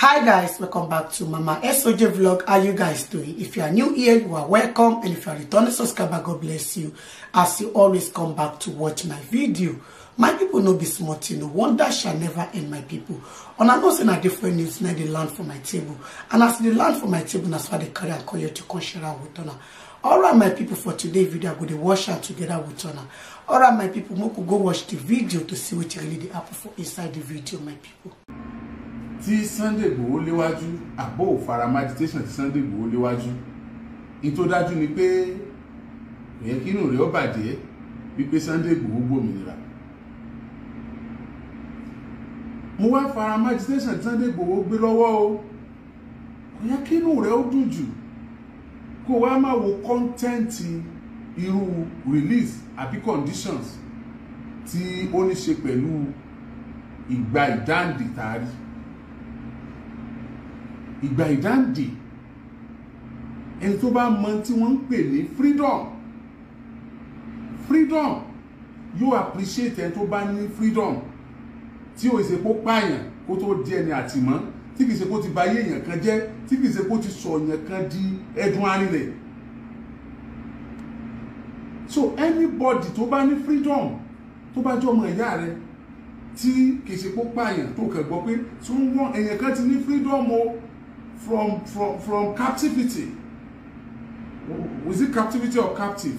hi guys welcome back to mama soj vlog how you guys doing if you are new here you are welcome and if you are returning subscriber god bless you as you always come back to watch my video my people no be small thing no wonder shall never end my people una know say a different news na dey land for my table and as they e land for my table that's why they carry am come here to come share am with una alright my people for today video i go dey watch am together with una alright my people make go watch the video to see wetin really dey happen for inside the video my people tí Sunday Igboho léwájú àbó òfarama agitation tí Sunday Igboho léwájú ní tó dájú ni pé ẹ̀yẹ kínú rẹ̀ ó bàjẹ́ wípé Sunday Igboho gbòmìnira mo wá farama agitation tí Sunday Igboho gbé lọ́wọ́ o ẹ̀yẹ kínú rẹ̀ ó dùn jù kó wá máa wo kọ́ńtẹ́ǹtì irú release àbí conditions tí ó ní ṣe pẹ̀lú ìgbà ìdáǹdè tààrí ìgbà ìdáǹdè ẹni tó bá mọ tí wọ́n ń pè ní freedom freedom yóò appreciate ẹni tó bá ní freedom tí ò ṣe kó pààyàn kó tó di ẹni àtìmọ́ tí kìí ṣe kó ti bà ayé èèyàn kan jẹ́ tí kìí ṣe kó ti sọ èèyàn kan di ẹdun arinlẹ̀ so anybody tó bá ní freedom tó bá jọmọ ìyá rẹ tí kìí ṣe kó pààyàn tó kàn gbọ́ pé tí wọ́n ẹ̀yàn kan ti ní freedom o from from from captivity was it captivity or captive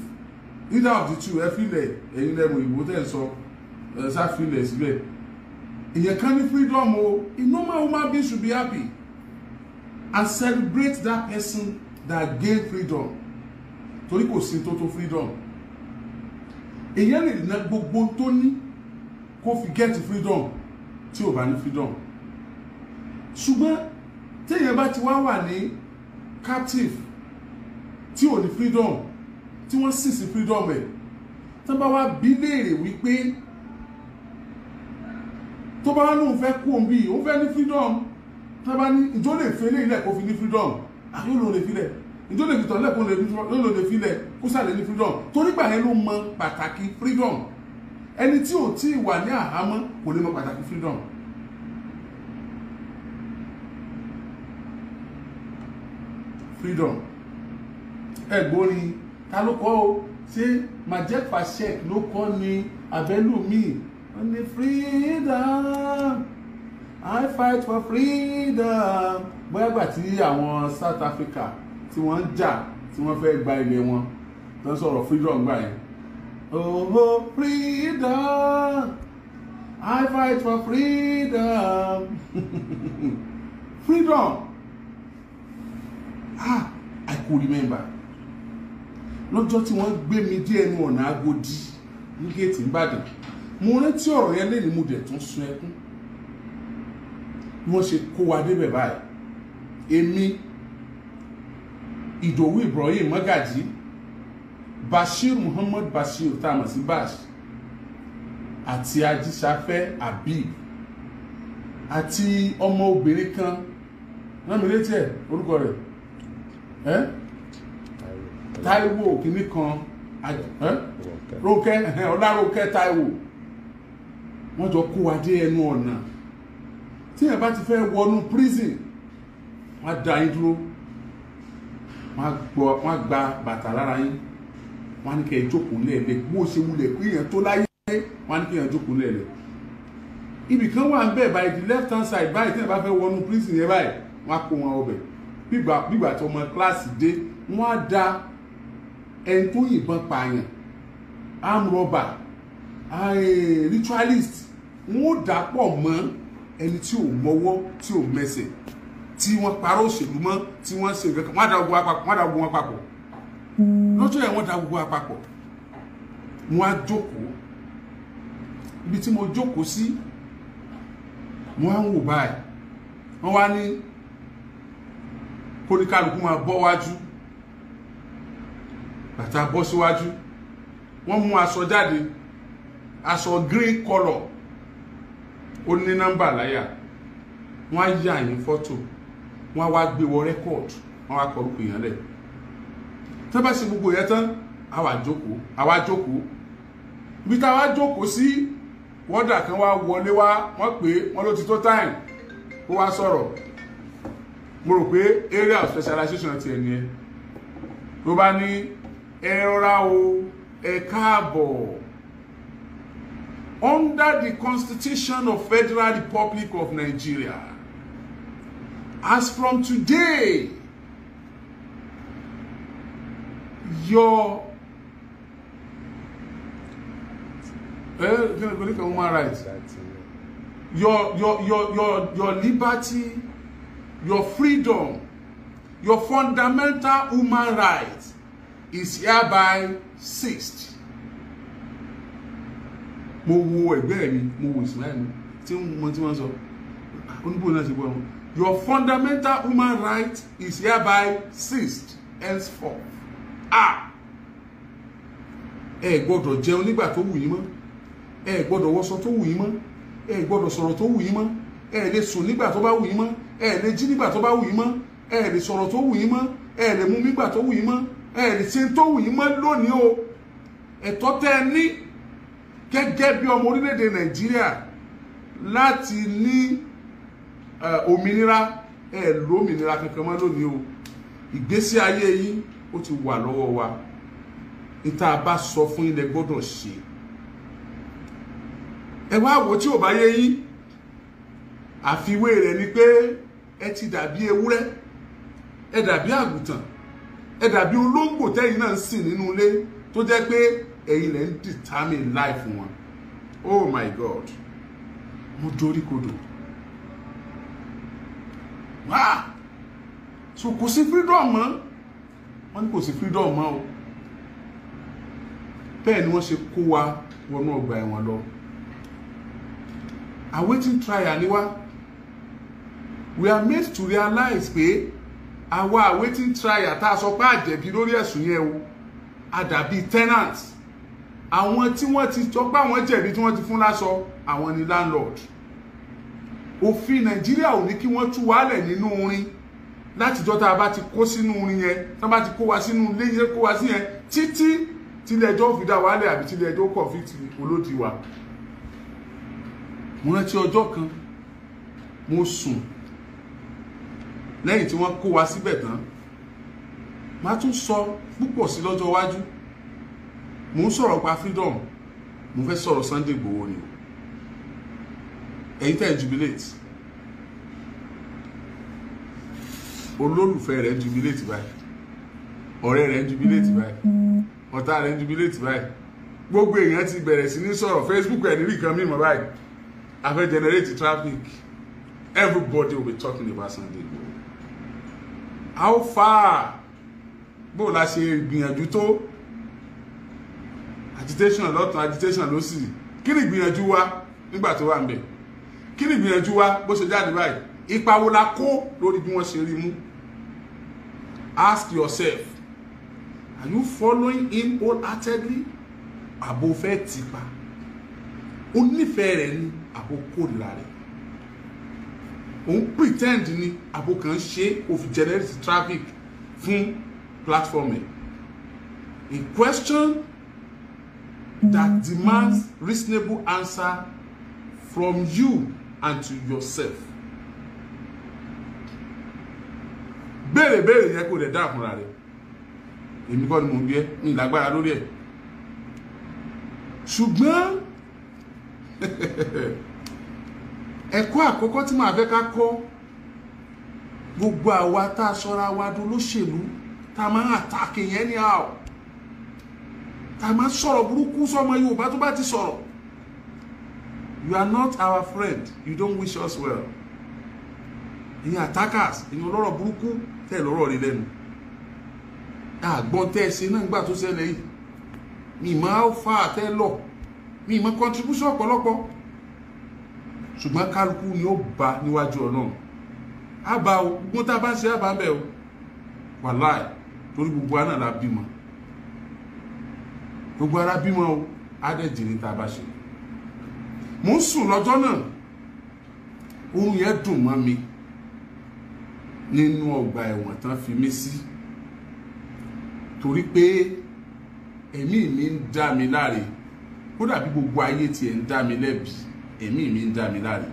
either of the two ẹ filẹ ẹyin lẹmu ìwò tẹ n sọ ẹ sá filẹ síbẹ ìyẹn kan ní freedom o a normal human being should be happy and celebrate that person that gain freedom torí kò sí tó tó freedom èyàn lè na gbogbo tó ní kó fi get freedom tí ò bá ní freedom ṣùgbọ́n téèyàn bá ti wá wà ní captive tí ò ní freedom tí wọ́n sì sí freedom ẹ̀ tó bá wá bí léèrè wípé tó bá lóun fẹ́ kú òun bíi òun fẹ́ ní freedom tó bá ní ìjọ lè fẹ́ lé ilẹ̀ kó fi ní freedom àyè ah, ló lè filẹ̀ ìjọ lè fìtọ̀ lẹ́kọ̀ọ́ ló lè filẹ̀ kó sàlẹ̀ ní freedom torí gbà yẹn ló mọ pàtàkì freedom ẹni tí ò tí ì wà ní àhámọ́ kò lè mọ pàtàkì freedom. freedom ẹ̀gbọ́n ni ta ló kọ́ o ṣé majek fashek ló kọ́ ni abẹ́lùmí wọ́n ní freedom i fight for freedom bóyá gbà tí àwọn South Africa tí wọ́n ń jà tí wọ́n fẹ́ gba ilé wọn tó ń freedom gbà yẹn oh freedom i fight for freedom freedom ah I could remember lọ́jọ́ tí wọ́n gbé mi dé ẹnu ọ̀nà Agodi ní géètì Ìbàdàn mo rántí ọ̀rọ̀ yẹn lẹ́nu mo dẹ̀ tún sun ẹkún bí wọ́n ṣe kó wa débẹ̀ báyìí èmi Ìdòwú Ibrahim Magaji Bashir Muhammad Bashir tá Bash àti Ajísáfẹ́ Habib àti ọmọ obìnrin kan rámi létí ẹ̀ orúkọ rẹ̀ Táíwò kìíní kan Rónkẹ́ Ọlárónkẹ́ Táíwò wọ́n jọ kó wa dé ẹnu ọ̀nà tí ẹ bá ti fẹ́ wọnú prison wọ́n á da yín dúró wọ́n á gba bàtà lára yín wọ́n á ní kẹ́ ẹ jókòó lẹ́ẹ̀lẹ́ bó ṣe wulẹ̀ kí èèyàn tó láyé wọ́n á ní kẹ́ ẹ jókòó lẹ́ẹ̀lẹ́ ibì kan wà ń bẹ̀ by the left hand side báyìí tí ẹ bá fẹ́ wọnú prison yẹn báyìí wọ́n á kó wọn ọbẹ̀ bígbà bígbà tí ọmọ kíláàsì dé wọ́n á da ẹni tó yìnbọn pààyàn arm robber ritualist wọ́n ó dà pọ̀ mọ́ ẹni tí ò mọ́wọ́ tí ò mẹsẹ̀ tí wọ́n parọ́ òṣèlú mọ́ tí wọ́n ṣe nǹkan kan wọ́n á da ogun apapọ̀ wọ́n á da ogun apapọ̀ lọ́jọ́ yẹn wọ́n da gbogbo àpapọ̀ wọ́n á jókòó ibi tí mo jókòó sí wọ́n á wò báyìí wọ́n wá ní kóníkàlùkù máa bọ́ wájú bàtà bọ́ síwájú wọ́n mú aṣọ jáde aṣọ green colour ó ní nọ́mbà láyà wọ́n á yà yín fọ́tò wọ́n á wá gbé wọ rẹ́kọ̀dù wọ́n á kọ orúkọ yẹn lẹ̀ tó bá ṣe gbogbo yẹn tán àwa jókòó àwa jókòó ibi táwa jókòó sí wọ́dà kan wá wọlé wá wọ́n pè é wọ́n ló ti tó táìm ó wá sọ̀rọ̀ mo rò pé area of specialization ti ẹni ẹ tó bá ní ẹ rọra o ẹ káàbọ̀ under the constitution of federal republic of nigeria as from today your eh, human rights your your your your your liberty your freedom, your fundamental human right is hereby ceased. Mo wo ẹgbẹ́ mi, mo wo Ismail mi, tí mo ti wọ́n sọ, oníbò náà ti bọ́ Your fundamental human right is hereby ceased henceforth. Ah! Ẹ gbọ́dọ̀ jẹun nígbà tó wù yín mọ́. Ẹ gbọ́dọ̀ wọṣọ tó wù yín mọ́. Ẹ gbọ́dọ̀ sọ̀rọ̀ tó wù yín mọ́. Ẹ lè sùn nígbà tó bá wù yín mọ́ ẹ lè jí nígbà tó bá wù yín mọ́ ẹ lè sọ̀rọ̀ tó wù yín mọ́ ẹ lè mú nígbà tó wù yín mọ́ ẹ lè ṣe tó wù yín mọ́ lónìí o ẹ̀tọ́ tẹ́ ẹ ní gẹ́gẹ́ bí ọmọ orílẹ̀-èdè nàìjíríà láti ní òmìnira ẹ lómìnira kankan mọ́ lónìí o ìgbésí ayé yín ó ti wà lọ́wọ́ wa níta bá sọ fún yín lẹ ṣe ẹ wá wò tí ò bá yé yín àfiwé rẹ̀ ni pé ẹ ti dàbí ewúrẹ́ ẹ dàbí àgùntàn ẹ dàbí olóńgbò tẹ́yìn náà ń sìn nínú ilé tó jẹ́ pé ẹ̀yin lẹ́ ń determine life wọn oh my god mo dorí kodò wáá so kò sí freedom mọ́ wọ́n ní kò sí freedom mọ́ o bẹ́ẹ̀ ni wọ́n ṣe kó wa wọnú ọgbà ẹ̀wọ̀n lọ awaiting trial ni wá we are made to realize pé àwa waiting trial tá a sọ pé àjẹ̀bí lórí ẹ̀sùn yẹn o àdàbí tenant àwọn tí wọ́n ti sọ pé àwọn jẹ̀bi tí wọ́n ti fún láṣọ àwọn ni landlord òfin nàìjíríà ò ní kí wọ́n tú wálẹ̀ nínú orin látijọ́ tá a bá ti kó sínú orin yẹn tá a bá ti kó wa sínú ilé yẹn kó wa sí yẹn títí tílẹ̀ẹjọ́ fi dá wálẹ̀ àbí tílẹ̀ẹjọ́ convict olódì wa mo rántí ọjọ́ kan mo sùn lẹ́yìn tí wọ́n kó wa síbẹ̀ tán máa tún sọ púpọ̀ sí lọ́jọ́ iwájú mò ń sọ̀rọ̀ pa freedom mo fẹ́ sọ̀rọ̀ Sunday Igboho ni ẹ̀yin tẹ́ ẹ̀ jubilate olólùfẹ́ rẹ̀ jubilate báyìí ọ̀rẹ́ rẹ̀ jubilate báyìí ọ̀tá rẹ̀ jubilate báyìí gbogbo èèyàn ti bẹ̀rẹ̀ sí ní sọ̀rọ̀ Facebook ẹ̀ nílì kan mímọ́ báyìí a fẹ́ generate traffic everybody will be talking about Sunday Igboho how far bó la ṣe gbìyànjú tó agitation a lot, agitation lọ́sì kí ni ìgbìyànjú wa nígbà tó wà ń bẹ̀ kí ni ìgbìyànjú wa bó ṣe jáde báyìí ipa wo la kó lórí bí wọ́n ṣe rí mú ask yourself are you following him wholeheartedly àbò fẹ́ tìpa ó nífẹ̀ẹ́ rẹ̀ ní àbò kórìíra rẹ̀ òun pretend ni àbò kan ṣe of generate traffic fún platform a question that demands reasonable answer from you and to yourself béèrè béèrè yẹn kò dẹ̀ dá àkúnra rẹ̀ èmi kọ́ ni mo bí ẹ́ ní ìlágbára lórí ẹ̀ ṣùgbọ́n ẹ̀kọ́ àkọ́kọ́ tí màá fẹ́ ká kọ́ gbogbo àwa tá a sọra wa dun olóṣèlú tá a máa ń àtàkì yẹn ní àwọ̀ tá a máa ń sọ̀rọ̀ burúkú sọmọ Yorùbá tó bá ti sọ̀rọ̀ you are not our friend you don't wish us well ìyẹn attackers ìyẹn ọlọ́rọ̀ burúkú tẹ̀ lọ́rọ̀ rí lẹ́nu àgbọ̀n tẹ́ ẹ ṣe náà nígbà tó ṣẹlẹ̀ yìí mi máa ń fa àtẹ́ lọ mi máa contribution ọ̀pọ̀lọpọ̀ ṣùgbọ́n kálukú ni ó bá níwájú ọlọ́run á bá o gbogbo tá a bá ń ṣe á bá ń bẹ̀ o wàláì torí gbogbo aná la bímọ gbogbo ara bímọ o á dẹ̀ jèrè tá a bá ṣe mò ń sùn lọ́jọ́ náà ohun yẹn dùn mọ́ mi nínú ọgbà ẹ̀wọ̀n tán fi mí sí torí pé ẹ̀mí mi ń dá mi láre kódà bí gbogbo ayé tiẹ̀ ń dá mi lẹ́bi èmi mi ń dá mi láre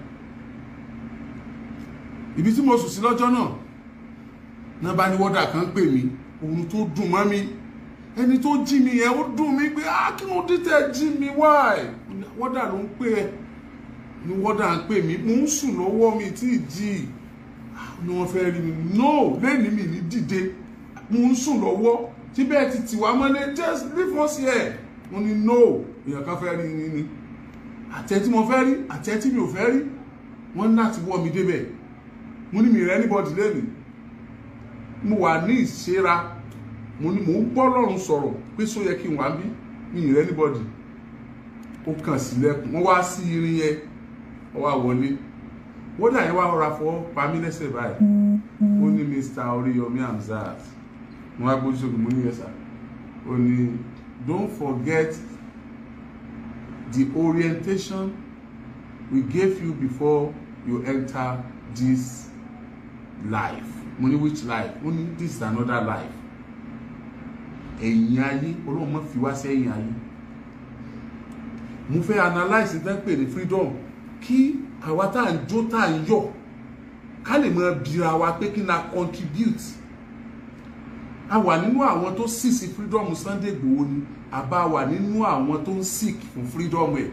ibi tí mo sùn sí lọ́jọ́ náà náà bá ní wọ́dà kan pè mí ohun tó dùn mọ́ mi ẹni tó jí mi yẹn ó dùn mí pé á ah, kí ló dé tẹ́ jí mi wáì wọ́dà ló ń pè ẹ́ ni wọ́dà ń pè mí mo ń sùn lọ́wọ́ mi tí ì jí ah, ni wọ́n fẹ́ rí mi no lẹ́ni mi ní dìde mo ń sùn lọ́wọ́ tí bẹ́ẹ̀ ti tì wá mọ́lé just leave us here mo ní no èèyàn kan fẹ́ rí mi ni àtẹ tí mo fẹ́ rí àtẹ tí mi ò fẹ́ rí wọ́n ní láti wọ́ mi débẹ̀ mo ní mi rẹ́ anybody lẹ́nu mo wà ní ìṣera mo ní mò ń bọ́ lọ́rùn sọ̀rọ̀ pé só yẹ kí n wá bí mi rẹ́ anybody ó kàn sílẹ̀kùn wọ́n wá sí irin yẹn wọ́n wá wọlé wọ́dà yẹn wá rọra fọ́ pamí lẹ́sẹ̀ báyìí ó ní Mr. Oríyọmí Hamzat mo wá gbójú sókè mo ní yẹn sà ó ní don't forget the orientation we gave you before you enter this life mo which life Only this is another life ẹ̀yìn ayé ọlọ́run mọ́ fi wá sẹ́yìn ayé mo fẹ́ analyse tẹ́ pè ní freedom kí àwa tá à ń jó tá à ń yọ̀ ká lè mọ bira wa pé kí n na contribute a wà nínú àwọn tó sísì freedom Sunday Igboho ni àbá wà nínú àwọn tó ń sick fún freedom ẹ̀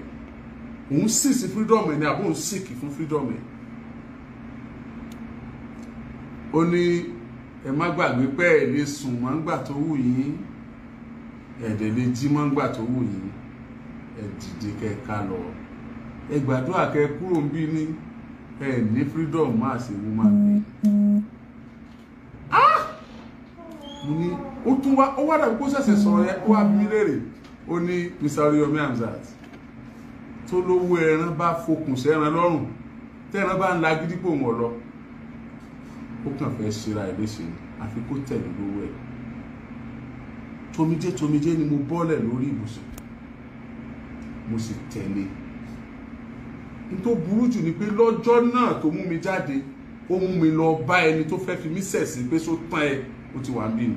òun sísì freedom ẹ̀ ni àbó ń sick fún freedom ẹ̀ ó ní ẹ má gbàgbé pé ẹ lè sùn mọ́ ńgbà tó wù yín ẹ̀dẹ̀ lè jí mọ́ ńgbà tó wù yín ẹ dìde kẹka lọ ẹ gbàdúrà kẹ kúrò ń bí ní ẹ ní freedom má ṣe wú má bí. mo ní ó tún wá ó wá dàbí kó ṣẹ̀ṣẹ̀ sọ̀rọ̀ yẹn ó wá bí mi léèrè ó ní Mr. Oriyomi Hamzat tó lówó ẹran bá fokùn sẹ́ran lọ́rùn tẹ́ran bá ń la gídígbò wọn lọ ó kàn fẹ́ ṣera ẹ̀ àfi kó tẹ̀lé lówó ẹ̀ tomijé tomijé ni mo bọ́lẹ̀ lórí ibùsùn mo sì tẹ̀lé n tó burú jù ni pé lọ́jọ́ náà tó mú mi jáde ó mú mi lọ bá ẹni tó fẹ́ fi mí sẹ̀sìn pé só tán ẹ ó ti wà bí nù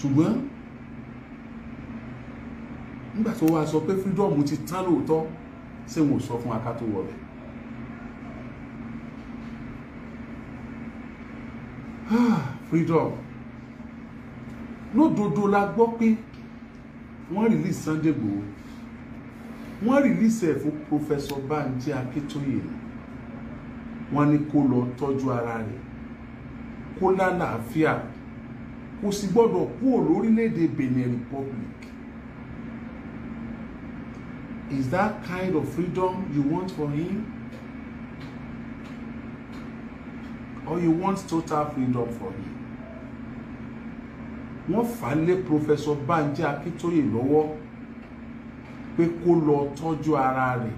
ṣùgbọ́n nígbà tó wá sọ pé freedom ti tán lóòótọ́ ṣé wọn ò sọ fún aká tó wọlé ah, freedom lódodo la gbọ́ pé wọ́n release Sunday Igboho wọ́n release ẹ̀ fún Professor Banji Akíntóyè wọ́n ní kó lọ tọ́jú ara rẹ̀ kó lálàáfíà kò sì gbọ́dọ̀ kúrò lórílẹ̀‐èdè Benin Republic is that kind of freedom you want for him or you want total freedom for him wọ́n fà á lé Professor Banji Akintoye lọ́wọ́ pé kó lọ tọ́jú ara rẹ̀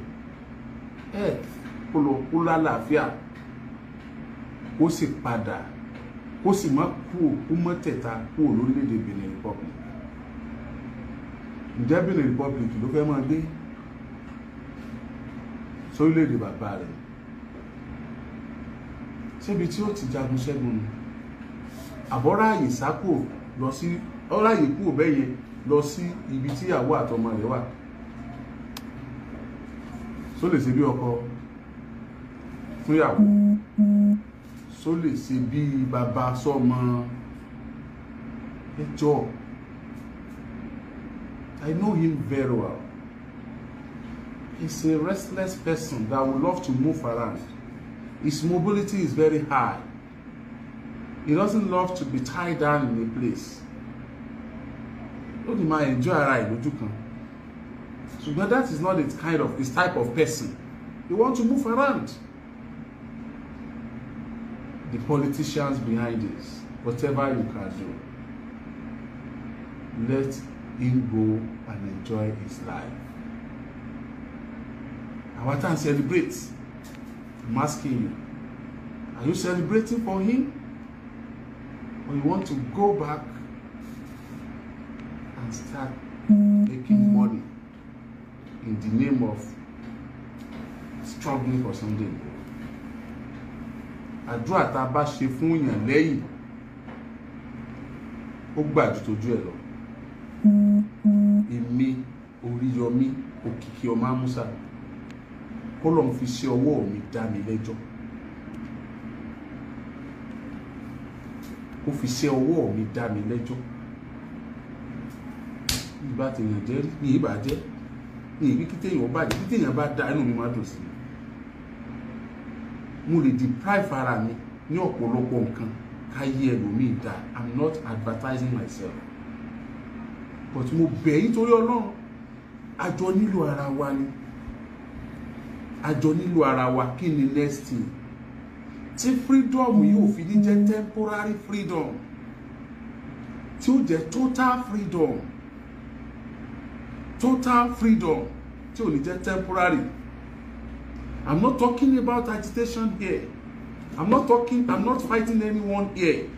health kó lọ kó lálàáfíà kó sì padà kó sì má kú òkú mọ́tẹ̀ta kú lórílẹ̀‐èdè Benin Republic ǹjẹ́ Benin Republic ló fẹ́ máa dé sórílẹ̀‐èdè bàbá rẹ̀ síbi tí ó ti jagun ṣẹ́gun ni àbọ̀ráàyè sákò lọ sí ọ̀ráàyè kúrò bẹ́ẹ̀ yẹn lọ sí ibi tí ìyàwó àtọmọ rẹ̀ wà só lè ṣe bí ọkọ fún ìyàwó só lè ṣe bí bàbá sọmọ ẹjọ I know him very well he's a restless person that would love to move around his mobility is very high he doesn't love to be tied down in a place ó lè máa enjoy ara ẹ̀ lójú kan ṣùgbọ́n that is not his kind of his type of person he want to move around the politicians behind this, whatever you can do, let him go and enjoy his life. Our time celebrates, I'm asking you, are you celebrating for him? Or you want to go back and start making money in the name of struggling for something? àdúrà tá a bá ṣe fún èèyàn lẹ́yìn ó gbà ju tójú ẹ̀ lọ èmi oríyọmí òkìkí ọmọ amúsà kọ́lọ́n fi ṣe ọwọ́ mi dá mi lẹ́jọ́ kó fi ṣe ọwọ́ mi dá mi lẹ́jọ́ ìbá jẹ́ ní ìbàjẹ́ ní ìbí kí téèyàn bàjẹ́ kí bá dá inú mi má dùn sí i mo lè deprive ara mi ní ọ̀pọ̀lọpọ̀ nǹkan káyé ẹlòmíì dá i'm not advertising myself but mo bẹ̀ yín torí ọlọ́run àjọ nílò ara wa ni àjọ nílò ara wa kí ni next thing tí freedom yìí ò fi ní jẹ́ temporary freedom tí ó jẹ́ total freedom total freedom tí ò ní jẹ́ temporary. I'm not talking about agitation here. I'm not talking, I'm not fighting anyone here.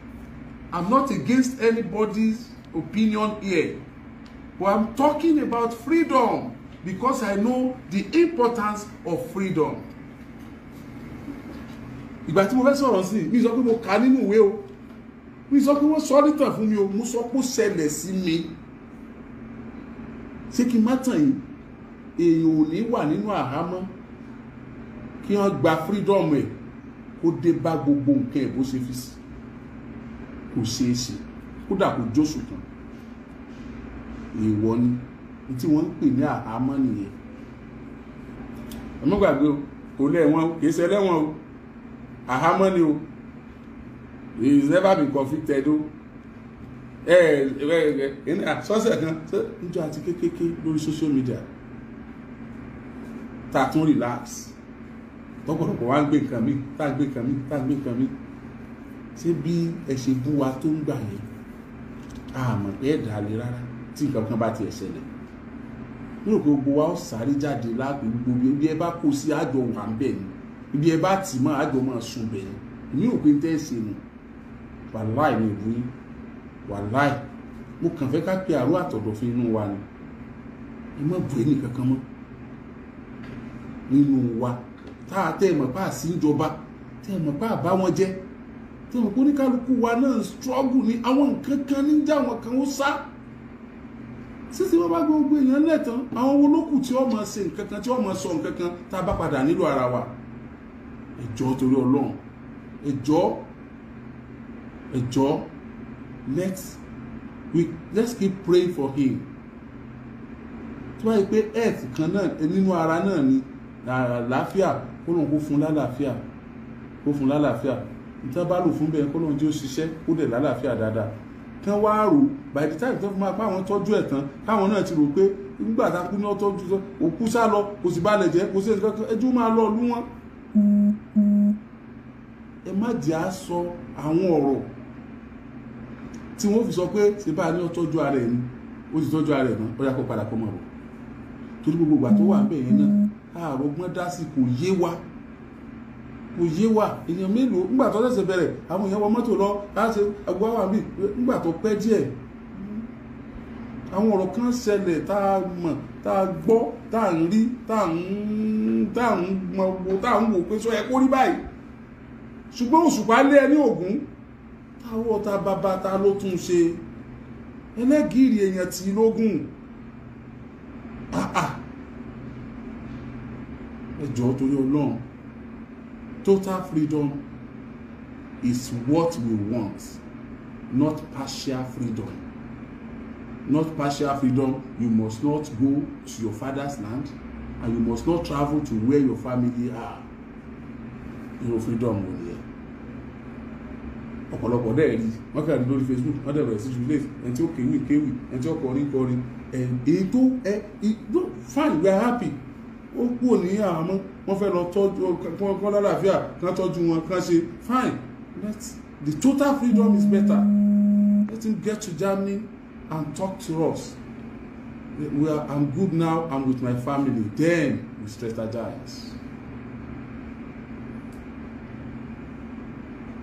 I'm not against anybody's opinion here. But I'm talking about freedom because I know the importance of freedom. Ìgbà tí mo fẹ́ sọ̀rọ̀ sí mi sọ pé mo kà nínú ìwé o. Mi sọ pé wọ́n sọ nítàn fún mi o, mo sọ pé ó ṣẹlẹ̀ sí mi. Ṣé kí n má tàn yín? Èèyàn ò ní wà nínú àhámọ́ kí wọ́n gba freedom ẹ̀ kó dé bá gbogbo nǹkan ẹ̀ bó ṣe fi sí kò ṣeé ṣe kódà kò jóṣù kan èèwọ̀ ni tí wọ́n ń pè ní àhámọ́ nìyẹn ẹ̀mọ́gbàgbé o kò lẹ́wọ̀n o kìí ṣe ẹlẹ́wọ̀n o àhámọ́ ni o he is never been convicted o ẹ ẹ ẹ ẹ sọ́sẹ̀ kan ṣé níjọ́ àti kékeré lórí social media tàtún relax lọ́pọ̀lọpọ̀ wá ń gbé nǹkan mi tá ń gbé nǹkan mi tá ń gbé nǹkan mi ṣé bí ẹ ṣe bú wa tó ń gbà yẹn àmọ̀ pé ẹ̀dá le rárá tí nǹkan kan bá tiẹ̀ ṣẹlẹ̀ mo rò gbogbo wa ó sáré jáde láàpẹ gbogbo ibi ẹ bá kó sí àjọ wà ń bẹ̀ ni ibi ẹ bá tì mọ́ àjọ máa sùn bẹ̀ ni èmi ò pé ń tẹ́ ṣe nù wàláì mi ò bú yín wàláì mo kàn fẹ́ ká pe àrò àtọ̀dọ̀ fún inú wa ni ẹ má bú ẹnì kankan mọ́ nínú wa tá a tẹ́ mọ̀ pa àsíjọba tẹ́ mọ̀ pa àbá wọn jẹ́ mọ̀ pé oníkálukú wa náà struggle ni àwọn nǹkan kan níjà wọn kan ó sá sísè wọn bá gbogbo èèyàn lẹ́tàn àwọn olókù tí wọ́n máa ṣe nǹkan kan tí wọ́n máa sọ nǹkan kan tá a bá padà nílò ara wa ẹjọ́ torí ọlọ́run ẹjọ́ ẹjọ́ let's we let's keep praying for him tí wọ́n yẹ pé earth kan náà nínú ara náà ni àlàáfíà kọ́lọ́n kó fún lálàáfíà kó fún lálàáfíà níta bá lò fún bẹ́ẹ̀ kọ́lọ́n tí ó ṣiṣẹ́ kó dẹ̀ lálàáfíà dáadáa kán wá rò by the time tó fi máa pa àwọn tọ́jú ẹ̀ tán káwọn náà ti rò pé nígbà tá a kú ní ọtọ́jú tó òkú sá lọ kò sì balẹ̀ jẹ́ kò sí ẹ̀sìn kankan ẹjú máa lọ lú wọn. ẹ má jẹ́ à sọ àwọn ọ̀rọ̀ tí wọ́n fi sọ pé ṣe bá a ní ọtọ́jú ara ẹ̀ ni ó ti tọ́jú ara ẹ̀ mọ́ ó yà kó padà kó mọ̀ rò torí gbogbo ìgbà tó wà ń bẹ̀ yẹn náà àrògbọ́n dá sí kò yé wa kò yé wa èèyàn mélòó ńgbà tó ṣẹ̀ṣẹ̀ bẹ̀rẹ̀ àwọn èèyàn wọ mọ́tò lọ láti agbára wà bí ńgbà tó pẹ́ díẹ̀ àwọn ọ̀rọ̀ kan ṣẹlẹ̀ tá a mọ̀ tá a gbọ́ tá a ń rí tá a ń tá a ń tá a ń wò pé sọ ẹ kó rí báyìí ṣùgbọ́n òṣùpá lé ẹ ní Ògún táwọ́ ta bàbá ta ló tún ṣe ẹlẹ́gìrì èèyàn tì lógún jọ̀ọ́ torí ọlọ́run total freedom is what we want not partial freedom not partial freedom you must not go to your father's land and you must not travel to where your family are irun freedom wò there. ọ̀pọ̀lọpọ̀ dẹ́ẹ̀ rí wọ́n rí lórí facebook wọ́n dẹ̀ bẹ̀rẹ̀ sí ju late ẹni tí ó kéwì kéwì ẹni tí ó kọrin kọrin ẹ̀ èyí tó ẹ fine we are happy ó kúrò ní àhámọ́ wọ́n fẹ́ lọ tọ́jú kán lálàáfíà kán tọ́jú wọn kán ṣe fine let the total freedom is better let him get to Germany and talk to us we are i'm good now i'm with my family then we strategize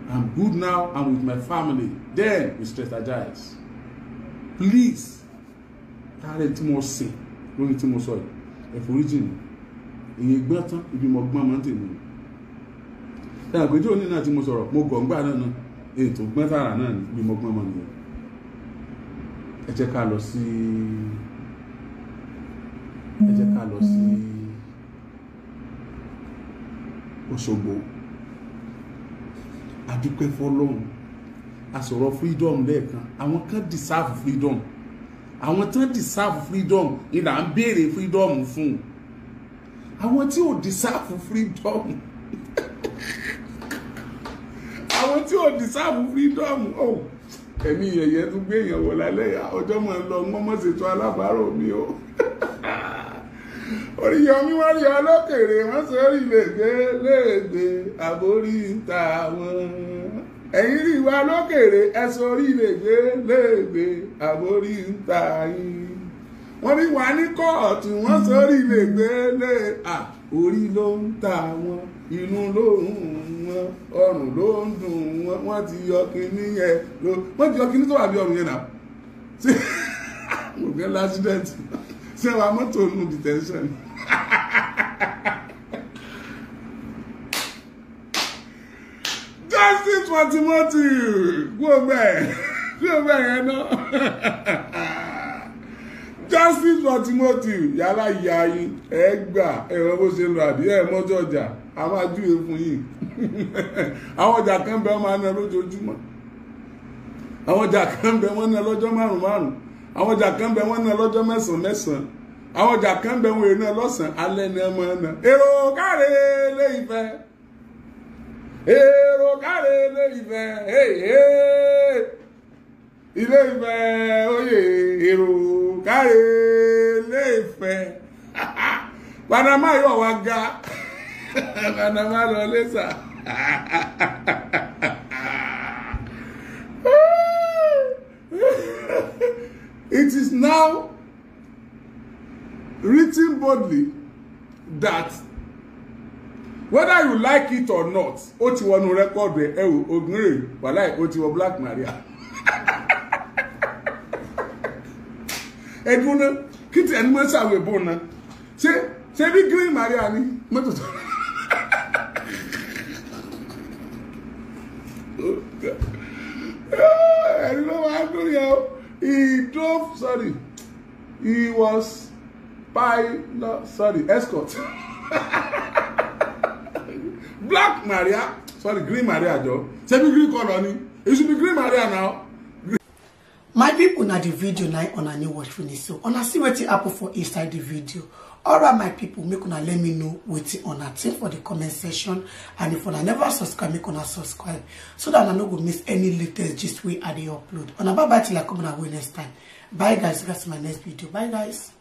i'm good now i'm with my family then we strategize please tààrẹ tí mo sìn lórí tí mo sọ yìí ẹ̀fọ́ríjì ni èyí gbọ́n tán ibi mo gbọ́n máa ń tèmi ẹ àgbẹjọ́ òní náà tí mo sọ̀rọ̀ mo gọ̀ ńgbà náà ètò gbọ́n tààrà náà ibi mo gbọ́n máa ń yẹn ẹ jẹ́ ká lọ sí ẹ jẹ́ ká lọ sí Òṣogbo adúpẹ́ fọlọ́run a freedom lẹ́ẹ̀kan àwọn kan deserve freedom àwọn tán deserve freedom ìlà ń béèrè freedom fún un àwọn tí ò deserve freedom àwọn tí ò deserve freedom o oh, ẹ̀mí yẹ̀yẹ́ tún gbé èèyàn wọ̀ lálẹ́ ọjọ́ mọ̀ lọ wọ́n mọ̀ ṣètò alábàárò mi o oríyọmí wọn rí ọlọ́kèrè wọn sọrí lègbè lègbè àbórí ta wọn ẹ̀yìn rí wa lókèrè ẹ sọrí lègbè lègbè àbórí ta yín wọ́n rí wa ní kóòtù wọ́n sórí lè gbélé à orí ló ń ta wọn inú ló ń wọn ọrùn ló ń dùn wọn wọ́n ti yọ kinní yẹn ló wọ́n ti yọ kinní tó wà bí ọrùn yẹn náà ṣé mo gbé lásìdẹ̀ntì ṣé wa mọ́tò nù detention. justice for Timothy gbogbo ẹ̀ gbogbo ẹ̀ yẹn náà. justice lọ Timothy yàrá ìyá yín ẹ ẹ̀rọ bó ṣe lọ àbí ọjà a máa fún yín àwọn ọjà kan bẹ na ná lójoojúmọ́ àwọn ọjà kan bẹ wọ́n ná lọ́jọ́ márùn márùn àwọn ọjà kan bẹ wọ́n ná lọ́jọ́ mẹ́sàn mẹ́sàn àwọn ọjà kan bẹ ná èrò káre ilé ìfẹ́ oyè èrò káre ilé ìfẹ́ panama yóò wá ga panama lọ lẹ́sà it is now written boldly that whether you like it or not ó ti wọnú rẹ́kọ̀dù ẹ̀ ẹ̀ ògùn rè wàláì ó ti wọ black maria. Eduna, náà kí tí ẹni we ń ṣàwọn èbó náà green maria ni mọ́tò tó. I ló wá dúró yẹn o he drove sorry he was by. No, sorry escort black maria sorry green maria Joe. ṣé bí green color lọ ni èsì bí green maria now my people, na the video na una new watch finish so una see wetin happen for inside the video All right, my people, make una let me know wetin una think for the comment section and if una never subscribe make una subscribe so that una no go miss any latest gist wey i dey upload una bye bye till i come una way next time bye guys see guys my next video bye guys